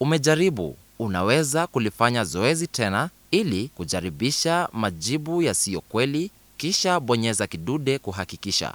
Umejaribu, unaweza kulifanya zoezi tena ili kujaribisha majibu yasiyo kweli, kisha bonyeza kidude kuhakikisha.